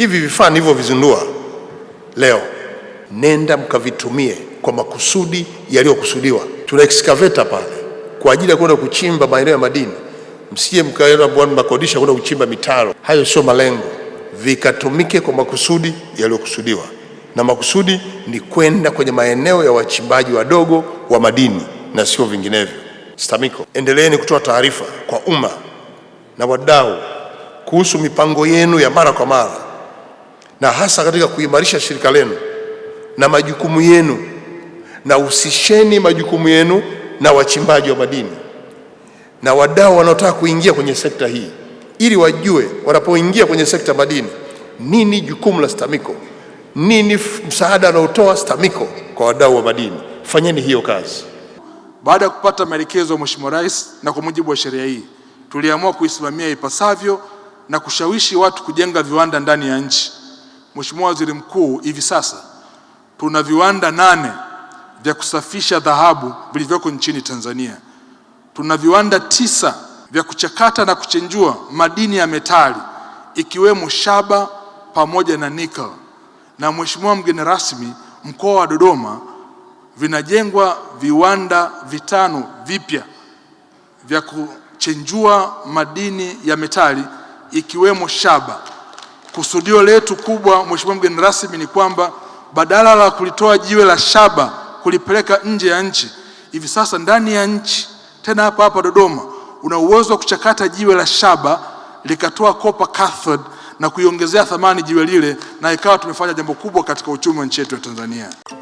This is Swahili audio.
Hivi vifaa nilivyovizindua leo, nenda mkavitumie kwa makusudi yaliyokusudiwa. Tuna excavator pale kwa ajili ya kwenda kuchimba maeneo ya madini, msije mkaenda mkakodisha kwenda kuchimba mitaro. Hayo sio malengo, vikatumike kwa makusudi yaliyokusudiwa, na makusudi ni kwenda kwenye maeneo ya wachimbaji wadogo wa madini na sio vinginevyo. STAMICO, endeleeni kutoa taarifa kwa umma na wadau kuhusu mipango yenu ya mara kwa mara na hasa katika kuimarisha shirika lenu na majukumu yenu, na husisheni majukumu yenu na wachimbaji wa madini na wadau wanaotaka kuingia kwenye sekta hii, ili wajue wanapoingia kwenye sekta madini, nini jukumu la STAMICO, nini msaada anaotoa STAMICO kwa wadau wa madini. Fanyeni hiyo kazi. Baada ya kupata maelekezo ya Mheshimiwa Rais na kwa mujibu wa sheria hii, tuliamua kuisimamia ipasavyo na kushawishi watu kujenga viwanda ndani ya nchi. Mheshimiwa Waziri Mkuu, hivi sasa tuna viwanda nane vya kusafisha dhahabu vilivyoko nchini Tanzania. Tuna viwanda tisa vya kuchakata na kuchenjua madini ya metali ikiwemo shaba pamoja na nickel. Na Mheshimiwa mgeni rasmi, mkoa wa Dodoma vinajengwa viwanda vitano vipya vya kuchenjua madini ya metali ikiwemo shaba Kusudio letu kubwa, Mheshimiwa mgeni rasmi, ni kwamba badala la kulitoa jiwe la shaba kulipeleka nje ya nchi, hivi sasa ndani ya nchi tena hapa hapa Dodoma una uwezo wa kuchakata jiwe la shaba likatoa copper cathode na kuiongezea thamani jiwe lile, na ikawa tumefanya jambo kubwa katika uchumi wa nchi yetu ya Tanzania.